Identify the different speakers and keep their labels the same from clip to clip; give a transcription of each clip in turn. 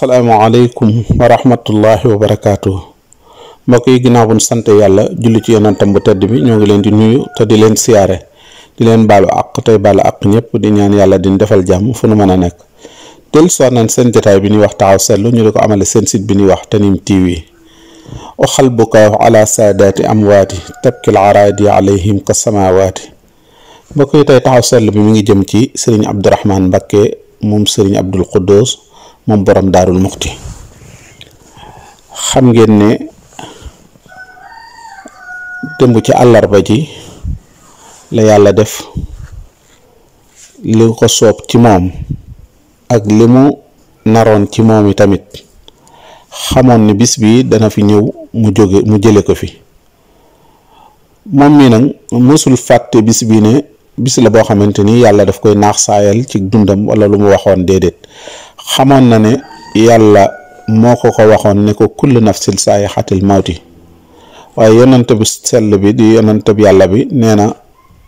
Speaker 1: asalaamaaleykum wa rahmatullahi wa barakaatu mbokk yi ginnaaw bu sant yàlla julli ci yonentam bu tedd bi ñoo ngi leen di nuyu te di leen siyaare di leen baalu àq tey baalu àq ñëpp di ñaan yàlla di defal jàmm fu nu mën a nekk del soo nañ seen jotaay bi ñuy wax taxaw seetlu ñu di ko amale seen site bi ñuy wax Tanime TV oxal bukaaw ala saadaati amwaati tabkil araadi alayhim ka samaawaati mbokk yi tey taxaw seetlu bi mi ngi jëm ci sëriñ Abdourahmane Mbacké moom sëriñ Abdul moom borom daarul muxti xam ngeen ne démb ci àllarba ji la yàlla def li ko soob ci moom ak li mu naroon ci moom yi xamoon ne bis bii dana fi ñëw mu jóge mu jële ko fi moom mi nag mësul fàtte bis bii ne bis la boo xamante ni yàlla daf koy naax saayal ci dundam wala lu mu waxoon déedéet xamoon na ni yàlla moo ko ko waxoon ne ko kullu nafsin saayixatil mawti waaye yonent bi sell bi di yonent bi yàlla bi nee na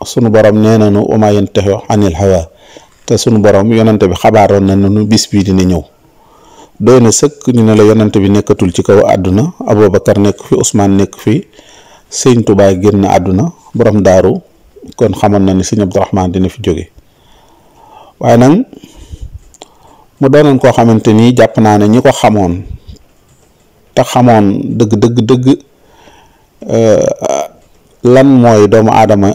Speaker 1: sunu borom nee na nu uma yantahu anil hawa te sunu borom yonent bi xabaaroon na nu bis bii dina ñëw doy na sëkk ñu ne la yonent bi nekkatul ci kaw àdduna Aboubacar nekk fi Ousmane nekk fi sëñ tubaay génn àdduna borom daaru kon xamoon na ni sëñ Abdourahmaan dina fi jóge waaye nag mu doonoon koo xamante nii jàpp naa ne ñi ko xamoon te xamoon dëgg dëgg dëgg euh, lan mooy doomu aadama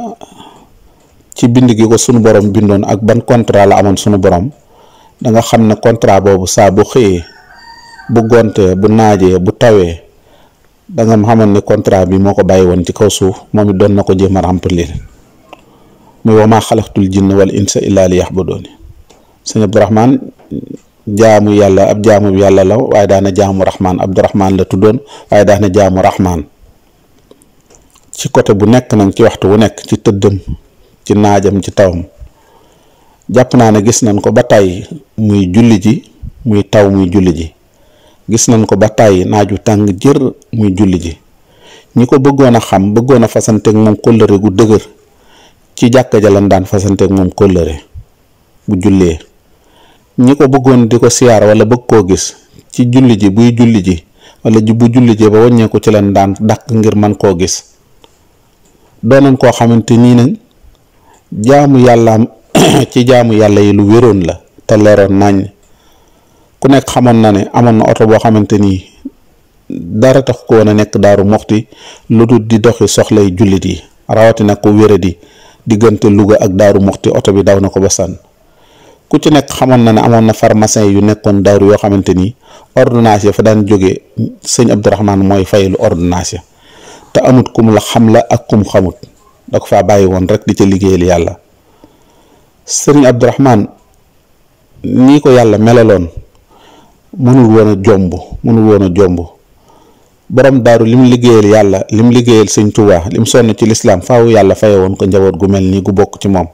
Speaker 1: ci bind gi ko sunu borom bindoon ak ban contrat la amoon sunu borom da nga xam ne contrat boobu saa bu xëyee bu gontee bu naajee bu tawee da nga xamoon ne contrat bi moo ko bàyyi woon ci kaw suuf moom it doon na ko jéem a remplir muy wa maa xalaqtul jinna wal insa illaa li yaxbudooni sëñ Abdourahmane jaamu yàlla ab jaamu yàlla la waaye daana jaamu raxmaan abdurahmaan la tuddoon waaye daana jaamu raxmaan ci côté bu nekk nag ci waxtu wu nekk ci tëddam ci naajam ci tawam jàpp naa ne gis nañ ko ba tàyyi muy julli ji muy taw muy julli ji gis nañ ko ba tàyyi naaju tàng jër muy julli ji ñi ko bëggoon a xam bëggoon a fasanteeg moom kóllëre gu dëgër ci jàkka ja lañ daan fasanteeg moom kóllëre bu jullee ñi ko bëggoon di ko siyaar wala bëgg koo gis ci julli ji buy julli ji wala bu julli ji ba wàññeeku ci leen daan dàq ngir man koo gis doonoon koo xamante nii nañ jaamu yàllaam ci jaamu yàlla yi lu wéroon la te leeroon nañ ku nekk xamoon na ne amoon na oto boo xamante nii dara tax ko woon nekk daaru moxti lu dul di doxi soxlay jullit yi rawatina ko wéradi diggante Louga ak daaru moxti oto bi daw na ko ba sànn ku ci nekk xamoon na ne amoon na pharmacien yu nekkoon dawr yoo xamante ni ordonnance fa daan jóge sëñ Abdourahmane mooy fayalu ordonnance ya te amut kum la xam la ak kum xamut da ko faa bàyyi woon rek di ca liggéeyal yàlla sëñ Abdourahmane nii ko yàlla melaloon mënul woon a jomb mënul woon a jomb borom daaru lim liggéeyal yàlla lim liggéeyal sëñ Tuubaa lim sonn ci lislaam faw yàlla faye woon ko njaboot gu mel nii gu bokk ci moom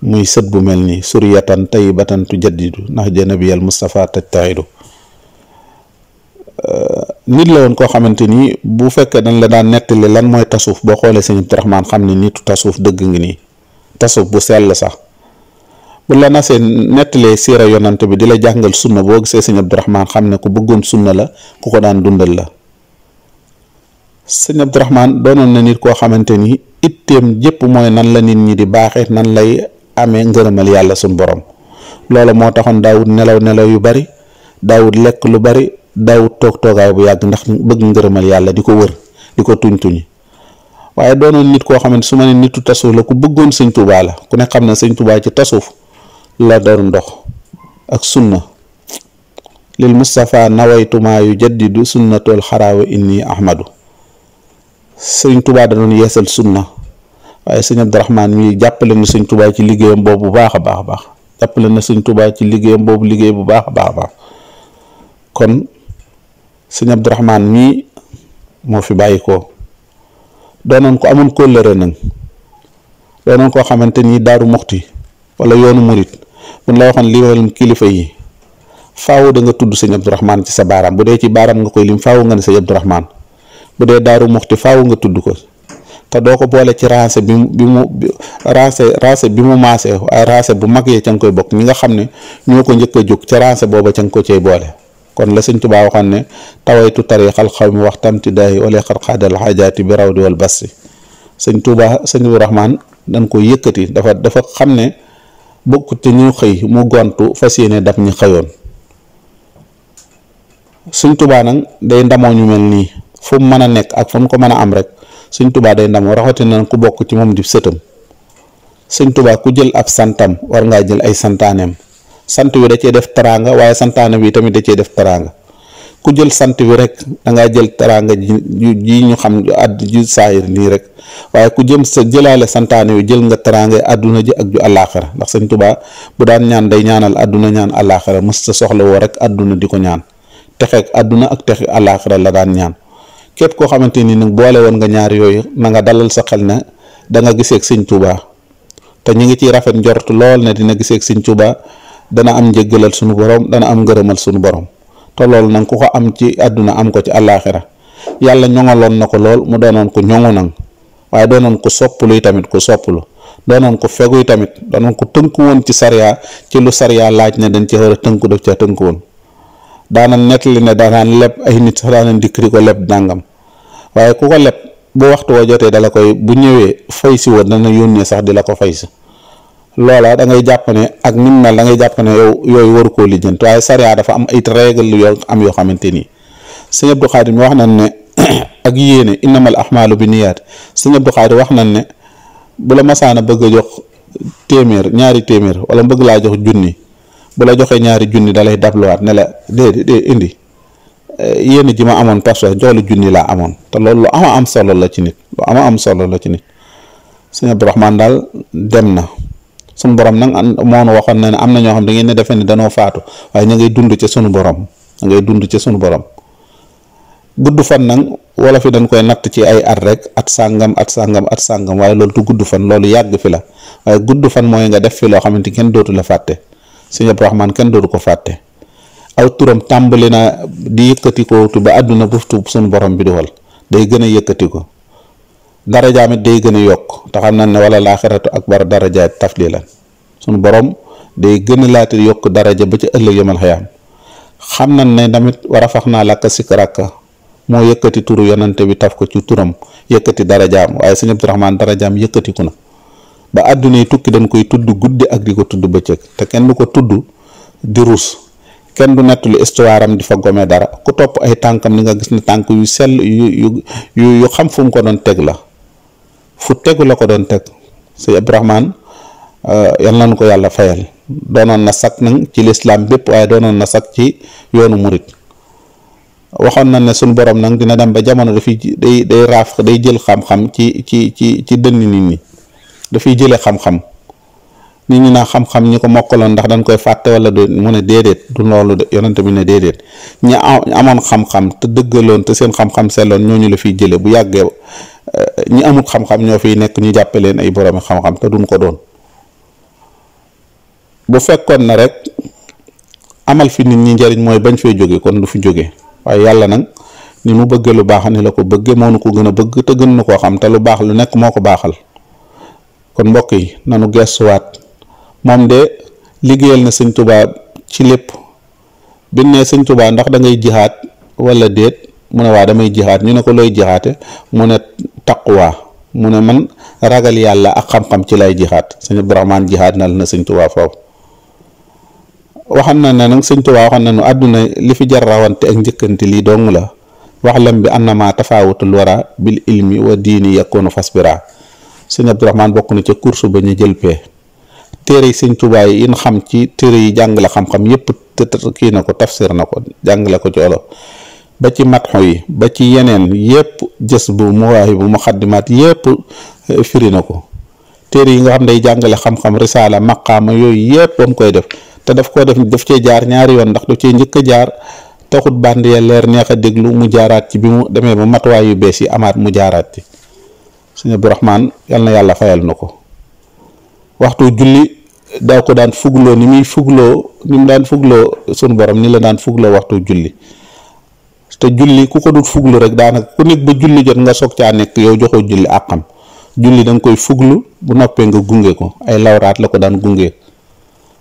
Speaker 1: muy sët bu mel nii suriyatan tayyibatan tujaddidu ndax janabiyal Mustafa tajtahidu euh, nit la woon koo xamante ni bu fekkee dañ la daan nettali lan mooy tasuuf boo xoolee sëñ Abdurahmaan xam ne nitu tasuuf dëgg ngi nii tasuuf bu sell sax bu la nasee nettalee siira yonante bi di la jàngal sunna boo gisee sëñ Abdurahmaan xam ne ku bëggoon sunna la ku ko daan dundal la sëñ Abdurahmaan doonoon na nit koo xamante ni itteem jëpp mooy nan la nit ñi di baaxee nan lay amee ngërëmal yàlla suñ borom loola moo taxoon daawut nelaw nelaw yu bari daawut lekk lu bari daawut toog toogaay bu yàgg ndax bëgg ngërëmal yàlla di ko wër di ko tuñ tuñ waaye doonoon nit koo xam xamante su ma ne nitu tasawuf la ku bëggoon sëñ Tuubaa la ku ne xam na sëñ Tuubaa ci tasawuf la doon dox ak sunna lil Mustafa nawaytumaa yu jaddidu sunnatul xaraawa inni ahmadu sëñ Tuubaa da yeesal sunna waaye sëñ Abdourahmane mii jàppale na sëñ Tuubaa ci liggéeyam boobu bu baax a baax a baax jàppale na sëñ Tuubaa ci liggéeyam boobu liggéey bu baax a baax a baax kon sëñ Abdourahmane mii moo fi bàyyikoo bàyyi ko amul ko amoon kóllëre nag doonoon koo xamante nii daaru muxti wala yoonu murit bu ñu la waxoon li wàllum kilifa yi faaw da nga tudd sëñ Abdourahmane ci sa baaraam bu dee ci baaraam nga koy lim faaw nga ne sëñ Abdourahmane bu dee daaru muxti faaw nga tudd ko. te doo ko boole ci rancé bi mu bi mu rancé rancé bi mu maasee waaye rancé bu mag yee ca nga koy bokk ñi nga xam ne ñoo ko njëkk a jóg ca rancé booba ca nga ko cay boole kon la sëñ Tuubaa waxoon ne tawaytu tariqal xawmi waxtam ti daayi wala xarxaadal xaajaati bi raw di sëñ Tuubaa sëñ bu Rahmaan dañ ko yëkkati dafa dafa xam ne bokkut te ñu xëy mu gontu fas yéene daf ñu xëyoon suñ Tuubaa nag day ndamoo ñu mel nii fu mën a nekk ak fu mu ko mën a am rek suñ tubaa day ndamoo rawatina ku bokk ci moom di sëtam suñ tubaa ku jël ab santam war ngaa jël ay santaaneem sant wi da cee def taraanga waaye santaane bi tamit da cee def taraanga ku jël sant wi rek da ngaa jël taraanga ji ñu xam àdd ji saayir nii rek waaye ku jëm sa jëlaale santaane wi jël nga taraanga àdduna ji ak ju àllaaxira ndax sëñ tubaa bu daan ñaan day ñaanal àdduna ñaan àllaaxira mës sa soxla woo rek àdduna di ko ñaan texeeg àdduna ak texe àllaaxira la daan ñaan képp koo xamante ni nag boole woon nga ñaar yooyu na nga dalal sa xel ne danga nga gisee ak te ñu ngi ciy rafet njort lool ne dina gisee ak sëñ Tuubaa dana am njëggalal sunu borom dana am ngërëmal sunu borom te loolu nag ku ko am ci àdduna am ko ci àllaaxira yàlla ñoŋaloon na ko lool mu doonoon ko ñoŋu nag waaye doonoon ko soppuluy tamit ku soppulu doonoon ko feguy tamit doonoon ko tënku woon ci sariya ci lu sariya laaj ne dañ ci war a tënku def ca tënku woon daana nettali ne daanaan leb ay nit sax daana ndikk ko leb dàngam waaye ku ko leb bu waxtu wa jotee dala koy bu ñëwee fay si woon dana yónnee sax di la ko fay si loola da ngay jàpp ne ak ni mu mel da ngay jàpp yow yooyu waru koo lijjanti waaye sariya dafa am ay règle yoo am yoo xamante ni sëñ Abdou Khadir mi wax nañ ne ak yéene innamal ahmaalu bi niyaat sëñ Abdou Khadir wax nañ ne bu la masaana bëgg a jox téeméer ñaari téeméer wala bëgg laa jox junni bu la joxee ñaari junni dalay dabluwaat ne la d indi. yéen ji ma amoon perso jox la junni laa amoon te loolu lu ama am solo la ci nit lu ama am solo la ci nit sëñ Abdourahmane daal dem na suñu borom nag moonu waxoon na ne am na ñoo xam da ngeen ne defee ne danoo faatu waaye ña ngay dund ca sunu borom ña ngay dund ci sunu borom gudd fan nag wala fi dañ koy natt ci ay at rek at sàngam at sàngam at sàngam waaye loolu du gudd fan loolu yàgg fi la waaye gudd fan mooy nga def fi loo xamante kenn dootu la fàtte sëñ Abdourahmane kenn dootu ko fàtte. aw turam tàmbali na di yëkkati ko tu ba àdduna buftu suñu borom bi duwal day gën a yëkkati ko darajaam it day gën a yokk te xam nañ ne wala laaxiratu akbar daraja la suñu borom day gën laata yokk daraja ba ci ëllëg yomal xayaam xam nañ ne tamit war a naa làkk sikaraka moo yëkkati turu yonante bi taf ko ci turam yëkkati darajaam waaye sëñ Abdourahmaan darajaam yëkkatiku na ba àdduna yi tukki dañ koy tudd guddi ak di ko tudd bëccëg te kenn du ko tudd di ruus kenn du nettali histoire am di fa gome dara ku topp ay tànkam ni nga gis ne tànk yu sell yu yu xam fu mu ko doon teg la fu tegu la ko doon teg sëñ Abdourahmane euh, yal nañu ko yàlla fayal doonoon na sakk nag ci lislaam bépp waaye doonoon na sakk ci yoonu murit waxoon na ne suñu borom nag dina dem ba jamono dafiy day day raaf day jël xam-xam ci ci ci ci dënn nit ñi dafiy jële xam-xam nit ñi naa xam-xam ñi ko mokkaloon ndax dañ koy fàtte wala du mu ne déedéet du loolu de yonente bi ne déedéet ñi amoon xam-xam te dëggaloon te seen xam-xam selloon ñooñu la fiy jëlee bu yàggee euh, ñi amut xam-xam ñoo fiy nekk ñu jàppee leen ay boroomi xam-xam te duñ ko doon bu fekkoon na rek amal fi nit ñi njariñ mooy bañ fee jóge kon du fi jóge waaye yàlla nag ni mu bëggee lu baax ni la ko bëggee moo nu ko gën a bëgg te gën na koo xam te lu baax lu nekk moo ko baaxal kon mbokk yi nanu gestuwaat moom de liggéeyal na sëñ tubaa ci lépp bi ne sëñ tubaa ndax dangay ngay jihaat wala déet mu ne waa damay jihaat ñu ne ko looy jihaate mu ne taqwa mu ne man ragal yàlla ak xam-xam ci lay jihaat sëñ Abdourahmaan jihaat nal na sëñ tubaa foofu waxam na ne nag sëñ tubaa waxam na nu àdduna li fi jar rawante ak njëkkante lii dong la waxlam bi annama tafaawutul wara bil ilmi wa diini yakunu fasbira sëñ Abdourahmaan bokk na ca course ba ñu jël pee téere yi sëñ Tuubaa yi xam ci téere yi jàngale la xam-xam yépp te kii na ko tafsir na ko jàngale ko ci olof ba ci matxu yi ba ci yeneen yépp jës bu muwaahi bu muxaddimaat yépp eh, firi na ko téere yi nga xam day jàngale xam-xam risaala maqaama yooyu yépp bam koy def te daf koo def daf cee jaar ñaari yoon ndax daf cee njëkk a jaar taxut bànd ya neex a déglu mu jaaraat ci bi mu demee ba matuwaay yu bees yi amaat mu jaaraat ci sëñ Abdu Rahmaan yal na yàlla fayal na ko waxtu julli daa ko daan fugloo ni muy fugloo ni mu daan fugloo sunu borom ni la daan fugloo waxtu julli te julli ku ko dut fuglu rek daanaka ku nekk ba julli jot nga soog caa nekk yow joxoo julli àqam julli danga koy fuglu bu noppee nga gunge ko ay lawraat la ko daan gunge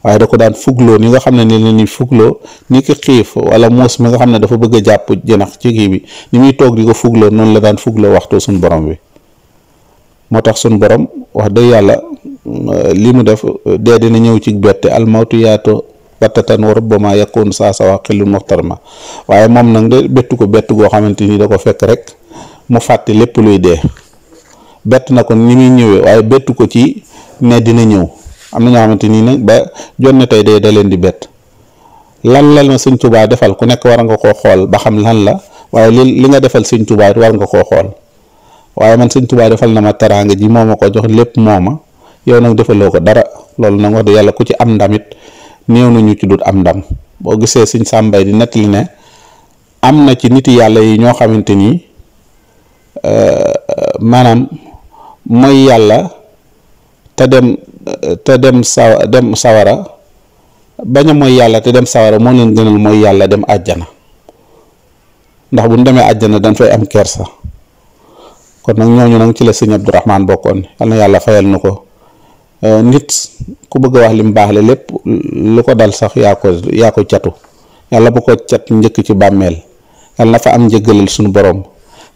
Speaker 1: waaye da ko daan fugloo ni nga xam ne ni la ñuy fugloo ni ki xiif wala muus mi nga xam ne dafa bëgg a jàpp jënax ci kii bi ni muy toog di ko fugloo noonu la daan fugloo waxtu sunu borom bi moo tax sunu borom Euh, li mu def euh, dee dina ñëw ci bette almawtu yaatu battatan wa rubbama yakun saa sawa xillun muxtarama waaye moom nag de bettu ko bett goo xamante ni da ko fekk rek mu fàtte lépp luy dee bett na ko ni muy ñëwee waaye bettu ko ci ne dina ñëw am na ñoo xamante nii nag ba jonne tey dee da leen di bett lan la ma sëñ Tuubaa defal ku nekk war nga koo xool ba xam lan la waaye li li nga defal sëñ tubaa war nga koo xool waaye man sëñ Tuubaa defal na ma teraanga ji moo ma ko jox lépp moo ma yow nag defaloo ko dara loolu nag wax dëgg yàlla ku ci am ndamit it néew na ñu ci dut am ndam boo gisee sëñ sàmbay di nettali ne am na ci nit yàlla yi ñoo xamante nii euh, maanaam mooy yàlla te dem te dem sawa dem sawara bañ mooy yàlla te dem sawara moo leen gënal mooy yàlla dem àjjana ndax bu ñu demee àjjana dañ fay am kersa kon nag ñooñu nag ci la sëñ Abdourahman bokkoon yal na yàlla fayal nu ko. Euh, nit ku bëgg a wax lim baax la lépp lu ko dal sax yaa ko yaa ko catu yàlla bu ko cat njëkk ci bàmmeel yàlla na fa am njëggalal suñu borom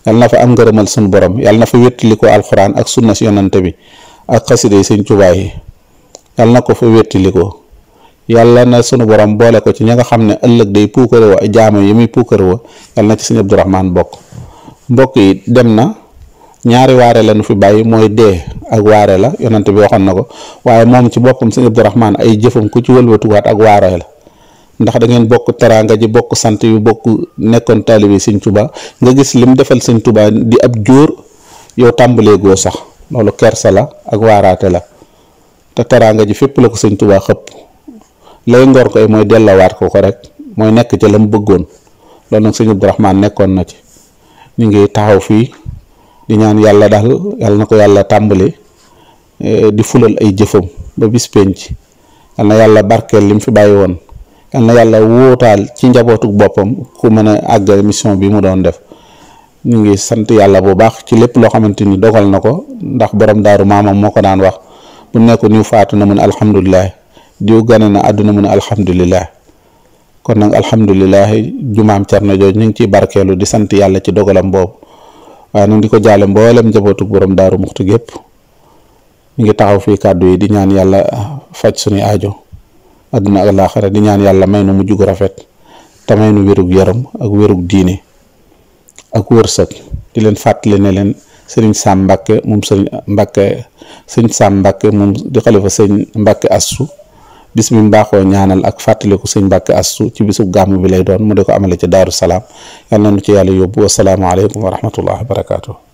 Speaker 1: yàlla na fa am ngërëmal suñu borom yàlla na fa wéttali ko alxuraan ak sunna si yonante bi ak xasida yi sëñ Tuubaa yi yàlla na ko fa wéttali ko yàlla na sunu borom boole ko ci ña nga xam ne ëllëg day puukare wa jaamo yi muy puukare wa yàlla na ci sëñ Abdurahmaan bokk mbokk yi dem na ñaari waare la nu fi bàyyi mooy dee ak waare la yonent bi waxoon na ko waaye moom ci boppam sëñ Abdourahman ay jëfam ku ci wëlbatuwaat ak waare la ndax da ngeen bokk teraanga ji bokk sant yu bokk nekkoon taalibe sëñ Tuubaa nga gis lim defal sëñ tubaa di ab jóor yow tàmbalee goo sax loolu kersa la ak waaraate la te teraanga ji fépp la ko sëñ tubaa xëpp lay ngor koy mooy delloowaat ko ko rek mooy nekk ca la mu bëggoon loolu nag sëñ Abdourahman nekkoon na ci ñu ngi taxaw fii. di ñaan yàlla daal yàlla na ko yàlla tàmbali eh, di fulal ay jëfam ba bis penc yàlla barkeel li mu fi bàyyi woon yal na yàlla wóotaal ci njabootu boppam ku mën a àgg mission bi mu doon def ñu ngi sant yàlla bu baax ci lépp loo xamante ni dogal na ko ndax borom daaru maamam moo ko daan wax bu nekk niw faatu na mun alhamdulilah diw gane na àdduna mun alhamdulilah kon nag alhamdulilah jumaam na jooju ñu ngi ciy barkeelu di sant yàlla ci dogalam boobu. waaye nag di ko jaale mboolem njabootug borom daaru muxti gépp mi ngi taxaw fii kàddu yi di ñaan yàlla faj suñuy ajo àdduna ak laaxara di ñaan yàlla may nu mujj gu rafet te may nu wérug yaram ak wérug diine ak wërsëg di leen fàttali ne leen sëriñ Sam Mbàkke moom sëriñ Mbàkke sëriñ Sam Mbàkke moom di xalifa sëriñ Mbàkke assu bis bi mu baaxoo ñaanal ak fàttaliku sëñ Mbàkke Astu ci bisu gàmmu bi lay doon mu di ko amale ci Daaru Salaam yal na nu ci yàlla yóbbu wasalaamualeykum wa rahmatullah wa barakaatu.